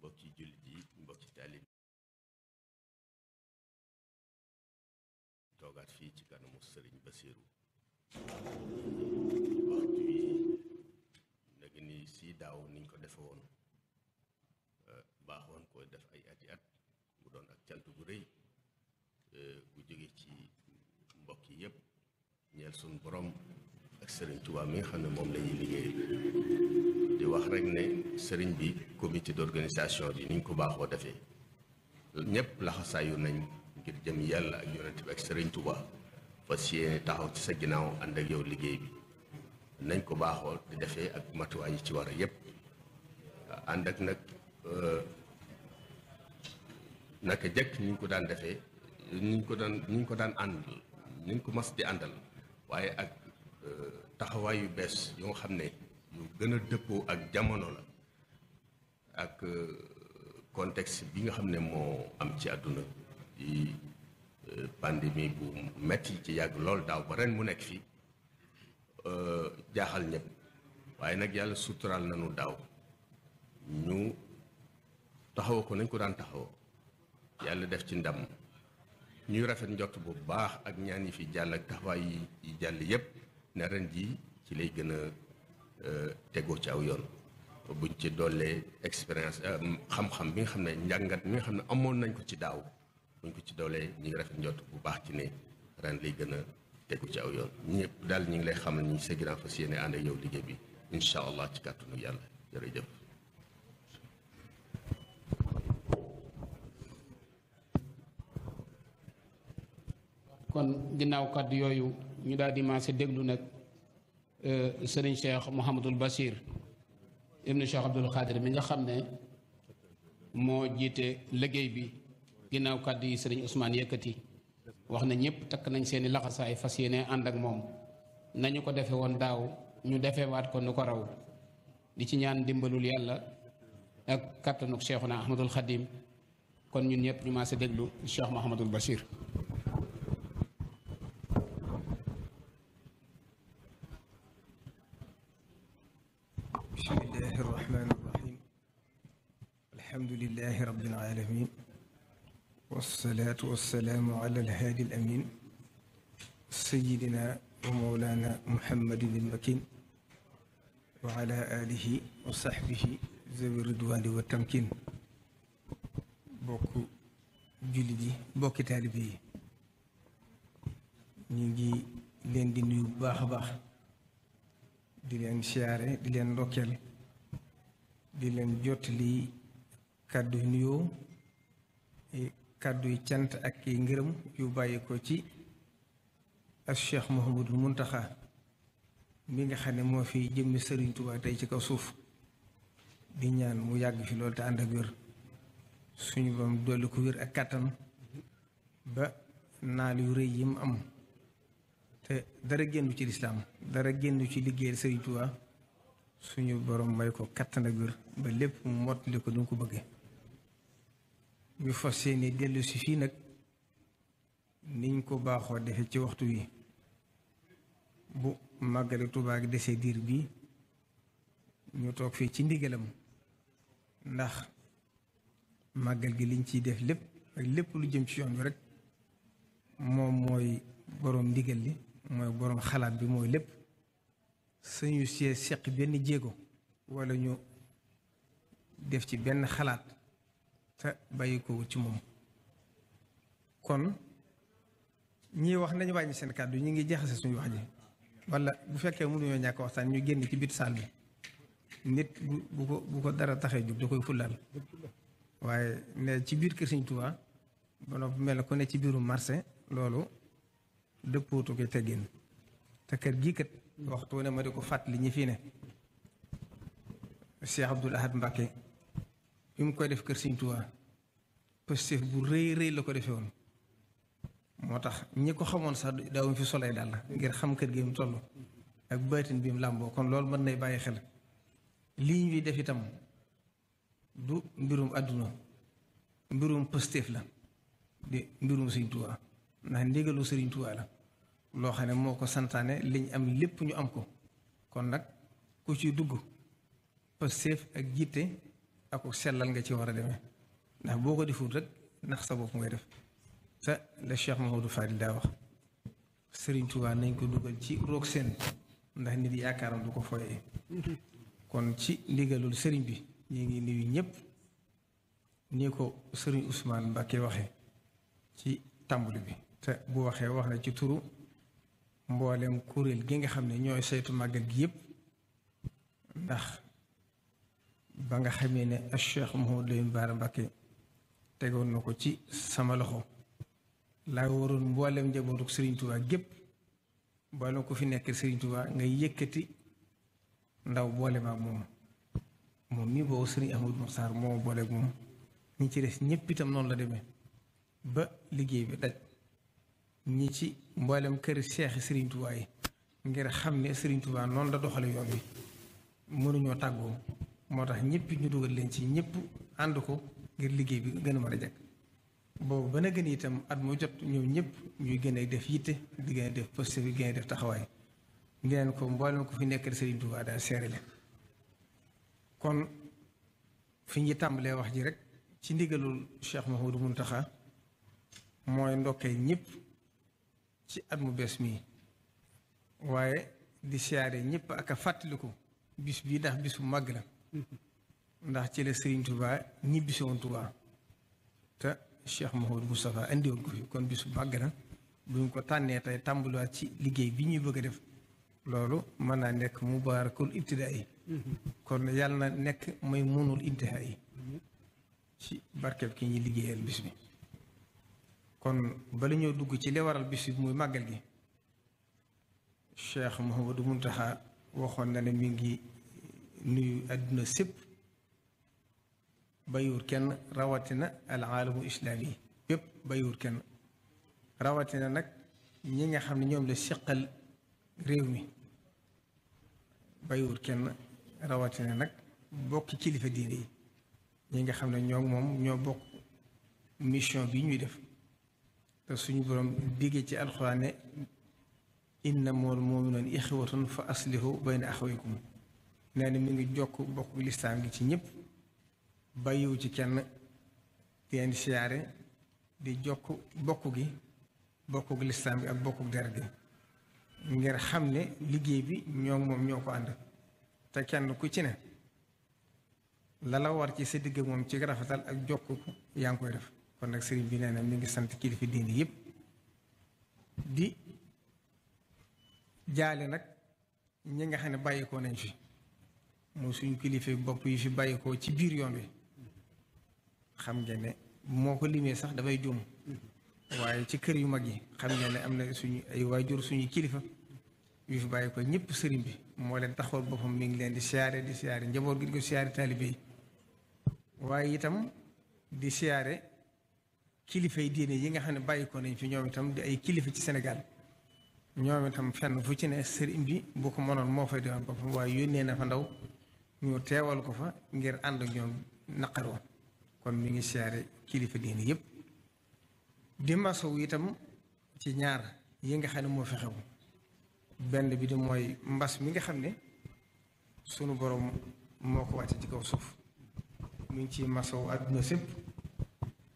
mbokki jullit yi mbokki taalib toogaat fii ci kanamu sëriñ Basiiru waxtu yi nag ni si daaw niñ ko defe woon eh, baaxoon ko def ay ati at mu doon ak cant gu rëy eh, gu jóge ci mbokk yi yépp ñeel suñu borom ak sëriñ Tuubaa mi nga xam ne moom lañuy liggéey rek ne sëriñ bi comité d'organisation bi ni ñu ko baaxoo defee ñëpp laxasaayu nañ ngir jëm yàlla ak yonent bi ak sëriñ Touba fas yéene taxaw ci sa ginnaaw ànd ak yow liggéey bi nañ ko baaxoo di defee ak matuwaay yi ci war a yëpp ànd ak nag euh, naka jëkk ñu ko daan defee ñu ko daan ñu ko daan ànd ñu ko mas di àndal waaye ak euh, taxawaay yu bees yoo xam ne. gën a dëppoo ak jamono la ak euh, contexte bi nga xam ne moo am ci àdduna di euh, pandémie bu metti ci yàgg lool daaw ba ren mu nekk fii euh, jaaxal ñëpp waaye nag yàlla suturaal nañu daaw ñu taxaw ko nañ ko daan taxawoo yàlla def ci ndam ñuy rafet njot bu baax ak ñaan yi fi jàll ak taxawaay yi jàll yépp ne ren ji ci lay gën a Euh, tegoo ci aw yoon buñ ci doolee expérience euh, xam-xam bi nga xam ne njàngat mi nga xam ne amoon nañ ko ci daaw buñ ko ci doolee ñu ngi rafet njot bu baax ci ne ren lay gën a tegu ci aw yoon ñëpp daal ñu ngi lay xamal ñu sa ginnaaw fas yéene ànd yow liggéey bi incha allah ci kàttanu yàlla jërëjëf. kon ginnaaw yooyu ñu daal di déglu nag. Euh, sëriñ Cheikh Mouhamadul Basir ibnu Cheikh Abdoul Khadir mi nga xam ne moo jiite liggéey bi ginnaaw kàdd yi sëriñ Ousmane yëkkati wax na ñëpp takk nañ seeni laxasaay fas yéene ànd ak moom nañu ko defe woon daaw ñu defee waat ko nu ko raw di ci ñaan dimbalul yàlla ak kàttanuk Cheikhuna Ahmadul Khadim kon ñun ñëpp ñu maase déglu Cheikh Mouhamadul Basir والصلاة والسلام على الهادي الأمين سيدنا ومولانا محمد المكين وعلى آله وصحبه ذوي الرضوان والتمكين بوكو جلدي بوكي تالبي نيجي لندن نيو باخ باخ دي شياري دي لين روكيل دي لين جوتلي كادو نيو kàddu yi cant ak i ngërëm yu bàyyi ko ci ak Cheikh Mouhamadul Muntaxa mi nga xam ne moo fi jëmmi Sëriñ tubaa tey ci kaw suuf di ñaan mu yàgg ci loolu te ànd ak wér suñu bam dolli ko wér ak kàttan ba naal yu rëy yi mu am te dara génn ci lislaam dara génn ci liggéeyal Sëriñ Tuubaa suñu borom may ko kàttan ak wér ba lépp mu mottali ko du ko bëggee ñu fas yéene dellu fii nag niñ ko baaxoo defe ci waxtu wi bu màggale Tuubaa gi desee diir bi ñu toog fii ci ndigalam ndax màggal gi liñ ciy def lépp ak lépp lu jëm ci yoon bi rek moom mooy boroom ndigal li mooy boroom xalaat bi mooy lépp suñu see seq benn jéego walla ñu def ci benn xalaat te bàyyi ko ci moom kon ñii wax nañu wàññi seen kàddu ñu ngi jeexase suñu wax ji wala bu fekkee mënuñoo ñàkk waxtaan ñu génn ci biit saal bi nit bu ko bu ko dara taxee jóg da koy fullaal waaye ne ci biir kër Sëñ Tuubaa ba noppi mel ko ne ci biiru marché loolu dëppootu koy teggin te kër gii kat waxtu ne ma di ko fàttali ñi fii ne Cheikh Abdoul Ahad Mbacké bi mu koy def kër Sëriñ Tuubaa pëstéef bu rëy rëy la ko defee woon moo tax ñi ko xamoon sax daawuñ fi solee daal ngir xam kër gi mu toll ak baatin bi làmboo kon loolu mën nay bàyyi xel lii ñuy def itam du mbirum àdduna mbirum pëstéef la di mbirum Sëriñ Tuubaa ndax ndigalu Sëriñ Tuubaa la loo xam ne moo ko santaane liñ am lépp ñu am ko kon nag ku ci dugg pëstéef ak jiite ak sellal nga ci war a deme ndax boo ko defut rek ndax sa bopp ngay def te la Cheikh Mamadou Fadil daa wax sëriñ Touba nañ ko dugal ci roog seen ndax nit yaakaaram du ko foyee kon ci ndigalul sëriñ bi ñu ngi nuyu ñëpp ni ko Serigne Ousmane Mbacké waxee ci tàmbali bi te bu waxee wax na ci turu mboolem kuréel gi nga xam ne ñooy saytu màgget gi yëpp ndax ba nga xamee ne a Cheikh Mouhamadou Lamine Bara Mbacké tegoon na ko ci sama loxo laa waroon mboolem njabootu Serigne Touba gépp boole ko fi nekk Serigne Touba nga yëkkati ndaw boole ak moom moom mii boobu Serigne Amadou Mokhtar moo boole ak moom ñi ci des ñëpp itam noonu la demee ba liggéey bi daj ñi ci mboolem kër Cheikh Serigne Touba ngir xam ne Serigne Touba noonu la doxale yoon wi mënuñoo tàggoo. moo tax ñëpp ñu dugal leen ci ñëpp ànd ko ngir liggéey bi gën a mën a jag boobu ba na gën itam at mu jot ñoom ñëpp ñuy gën a def yitte di gën def posté bi gën a def taxawaay ngeen ko mboolem ko fi nekkal Serigne Touba daal seere leen kon fi ñu tàmbalee wax ji rek ci ndigalul Cheikh Mouhamadou taxa mooy ndokkee ñépp ci at mu bees mii waaye di siyaare ñëpp ak a fàttaliku bis bii ndax bis màgg la ndax ci la Serigne Touba ñibbisi woon Touba te Cheikh Mouhamadou Moustapha andi ko fi kon bisu bàgg na buñ ko tànnee tey tàmbaliwaat ci liggéey bi ñuy bëgg a def loolu mën naa nekk mubaarakul ibtidaa yi kon yàlla nekk mooy munul intihaa yi ci barkeb ki ñuy liggéeyal bis bi kon bala ñoo dugg ci li waral bis bi muy màggal gi Cheikh Mouhamadou Mountakha waxoon na ne mi ngi nuyu àdduna sépp bayuur kenn rawatina alaalamu islaami yépp bayuur kenn rawatina nag ñi nga xam ne ñoom la siqal réew mi bayuur kenn rawatina nag bokki kilifa diine yi ñi nga xam ne ñoo moom ñoo bokk mission bi ñuy def te suñu borom diggee ci alxuraan ne innamal mu'minuuna ixwatun fa aslihu bayna axawaykum nee na mi ngi jokk bokk lislaam gi ci ñëpp bàyyiwu ci kenn di leen siyaare di jokk bokk gi bokk lislaam gi ak bokk der gi ngir xam ne liggéey bi ñoo moom ñoo ko ànd te kenn ku ci ne la la war ci sa digg moom ci rafetal ak jokk ko yaa ngi koy def kon nag sëriñ bi nee na mi ngi sant kilifa diine yëpp di jaale nag ñi nga xam ne bàyyeekoo nañ fi mooy suñu kilifa bopp yu fi bàyyikoo ci biir yoon bi xam ngeen moo ko limee sax dafay juum waaye ci kër yu mag yi xam ngeen ne am na suñu ay waajur suñu kilifa yu fi bàyyikoo ñëpp sëriñ bi moo leen taxawal boppam mi ngi leen di siyaare di siyaare njaboot gi di ko siyaare taalibe waaye itam di siyaare kilifa yi diine yi nga xam ne bàyyikoo nañ fi ñoom itam di ay kilifa ci senegal ñoom itam fenn fu ci ne sëriñ bi bu ko mënoon moo fay defal boppam waaye yónnee na fa ndaw ñu teewal ko fa ngir ànd ak ñoom naqaroo kon mi ngi siyaare kilifa diine yépp di masawu itam ci ñaar yi nga xam ne moo fi benn bi di mooy mbas mi nga xam ne sunu borom moo ko wàcce ci kaw suuf mu ngi ci masawu àdduna sépp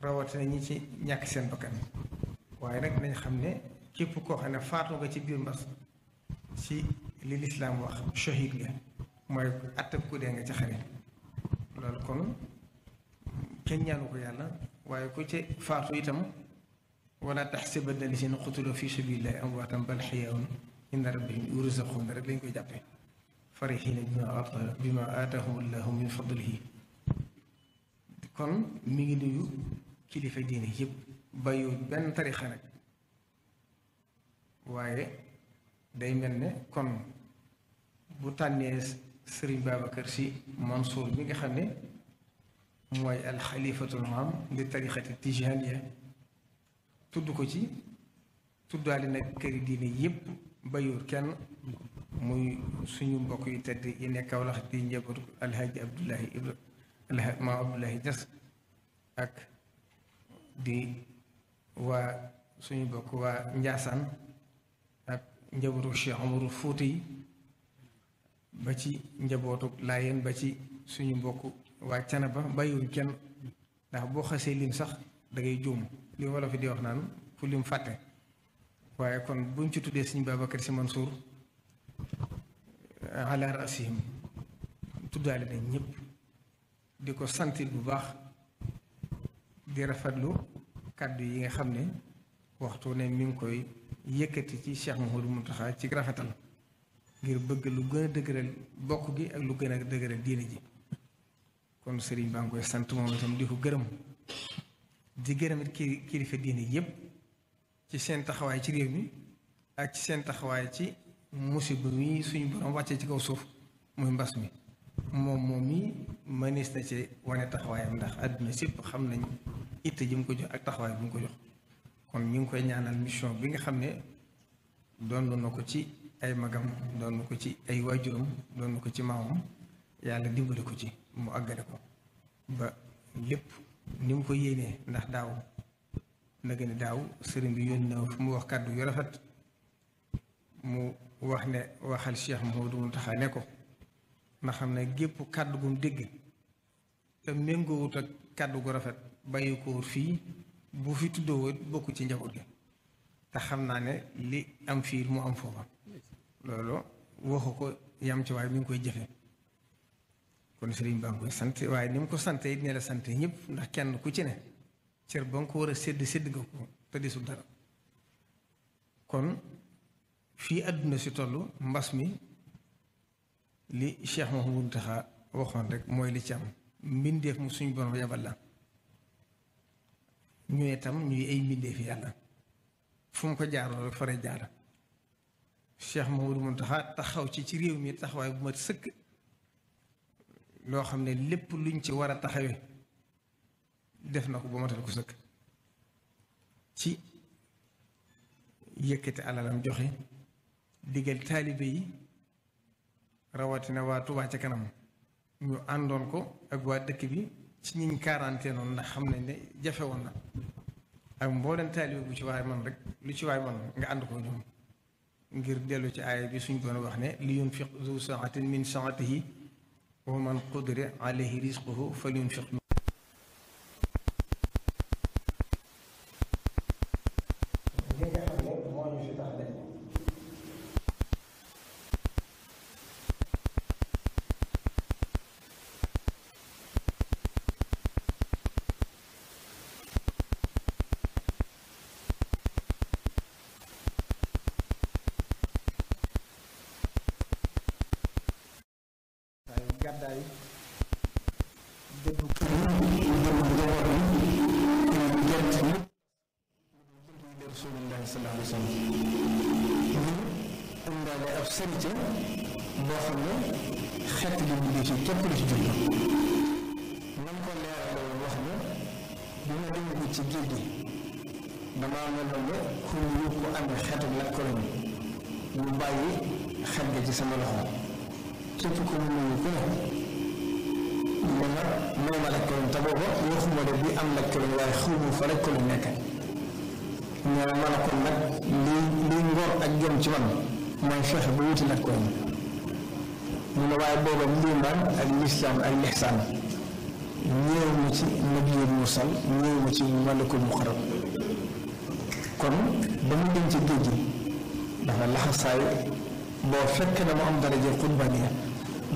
rawatina ñi ci ñàkk seen bakkan waaye nag nañ xam ne képp koo xam ne faatu nga ci biir mbas ci li lislaam wax shahid nga mooy attab ku dee nga ca xare loolu kon kenn ñaanu ko yàlla waaye ku ci faatu itam wala taxsibanna llaziina qutiluu fi sabiilillaahi amwaatan bal ahyaa'un inda rabbihim yurzaquun rek lañ koy jàppe farihiina bimaa bimaa aataahum min fadlihi kon mi ngi nuyu kilifa diine yëpp bayu benn tarixa nag waaye day mel ne kon bu tànnee Serigne Babacar Sy Mansour bi nga xam ne mooy alxalifatul maam di tarixati tijaniya tudd ko ci tuddaale nag këri diine yépp bayur kenn muy suñu mbokk yu tedd yi nekk walax di njabootu alhaji abdullahi ibra alhaji maam abdullahi jas ak di waa suñu mbokk waa njaasaan ak njabootu cheikh amaru fouti yi ba ci njabootu laayeen ba ci suñu mbokk waa cana ba bàyyiwuñ kenn ndax boo xasee lim sax da ngay juum li wala fi di wax naan fu lim fàtte waaye kon buñ ci tuddee suñu Babacar Sy Mansour ala rasihim tuddaale nañ ñëpp di ko santit bu baax di rafetlu kàddu yi nga xam ne waxtu ne mu ngi koy yëkkati ci Cheikh Mouhamadou Mountakha ci rafetal ngir bëgg lu gën a dëgëral bokk gi ak lu gën a dëgëral diine ji kon seriñ baa ngi koy sant moom itam di ko gërëm di gërëm it kilifa diine yépp ci seen taxawaay ci réew mi ak ci seen taxawaay ci musiba mi suñu borom wàccee ci kaw suuf muy mbas mi moom moom mi mënees na ci wane taxawaayam ndax àdduna sépp xam nañ itte ji mu ko jox ak taxawaay bi mu ko jox kon ñu ngi koy ñaanal mission bi nga xam ne doon na ko ci ay magam doon ko ci ay waajuram doon ko ci maamam yàlla dimbali ko ci mu àggale ko ba lépp ni mu ko yéenee ndax daaw na gën daaw sëriñ bi yónni na fu mu wax kàddu yu rafet mu wax ne waxal Cheikh Mouhamadou Mountakha ne ko na xam ne gépp kàddu gum dégg te méngoowut ak kàddu gu rafet bàyyi ko fii bu fi tuddoo bokk ci njaboot gi te xam naa ne li am fii mu am foofa loolu waxu ko yam ci waaye mi ngi koy jëfe kon sëriñ baa ngi koy sant waaye ni mu ko sante it ne la sant ñëpp ndax kenn ku ci ne cër ba nga ko war a sedd sedd nga ko te desul dara kon fii àdduna si toll mbas mi li Cheikh Mouhamadou Mountakha waxoon rek mooy li ci am mbindeef mu suñ borom yabal la ñu itam ñuy ay mbindeef yàlla fu mu ko jaaroon rek fare jaara Cheikh Mamadou Mountakha taxaw ci ci réew mi taxawaay bu ma sëkk loo xam ne lépp luñ ci war a taxawee def na ko ba matal ko sëkk ci yëkkati alalam joxe diggal taalibe yi rawatina waa Touba ca kanam ñu àndoon ko ak waa dëkk bi ci ñiñ quarantaine noonu ndax xam nañ ne jafe woon na ak mbooleen taalibe bu ci waay man rek lu ci waay man nga ànd ko ñoom ngir dellu ci aaya bi suñ boon wax ne li yunfiq zu saatin min saatihi wa man qudira alayhi risquhu falyunfiq gàddaay dëddu rasulillahi sallallahu alayhi wa sallam ñu indaale ab sërite boo xam ne xet li mu ci képp lu ci jublu man ko leeral wax ne bi ma demee bi ci géej gi damaa meloon ne ku ñu ko amee xetu lakkoroñ ñu bàyyi xet ga ci sama loxo képp ku mu nuyu ku ne mun na moom a lëkkaloon te booba waxuma de bi am lëkkaloon waaye xaw ma fa lëkkaloon nekk nga mën a kon nag li li ngor ak jom ci man mooy fexe ba wuti lëkkaloon mu ne waaye booba ndimbal ak lislaam ak lixsaan ñëw ma ci nabiyul mursal ñëw ma ci malakul muqarrab kon ba mu dem ci géej gi dafa laxasaayu boo fekk na mu am daraja qurbaaniya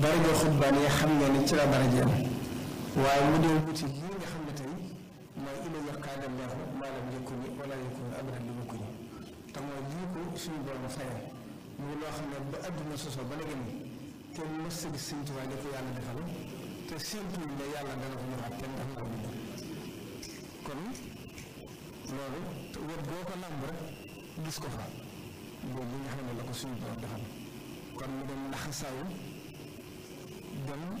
daraja xutbaan yi xam nga ni ci la daraja am waaye mu dee wuti lii nga xam ne tey mooy ila yaqaada llahu maalam yëkkun yi wala yëkkun abadan ko suñu borom fayal muy loo xam ne ba adduna sosoo ba léegi nii kenn mës a gis Sëñ Tuubaa ko yàlla defal te séntu ne yàlla dana ko ñëwaat kenn dafa ko bind kon loolu wet boo ko làmb rek gis ko fa boobu nga xam ne la ko suñu borom defal kon mu dem ndax saayu يدعون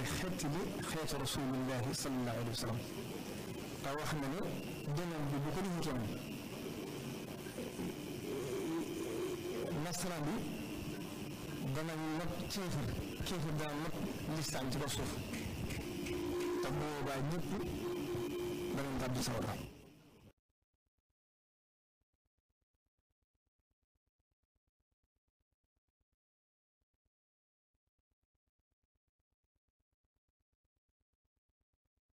للختم خيط رسول الله صلى الله عليه وسلم قالوا احنا لو دنا بكل هجوم نصرا بي دنا بلوك كيف كيف دنا بلوك لسه عم تبصوا طب هو بعد نبو دنا بلوك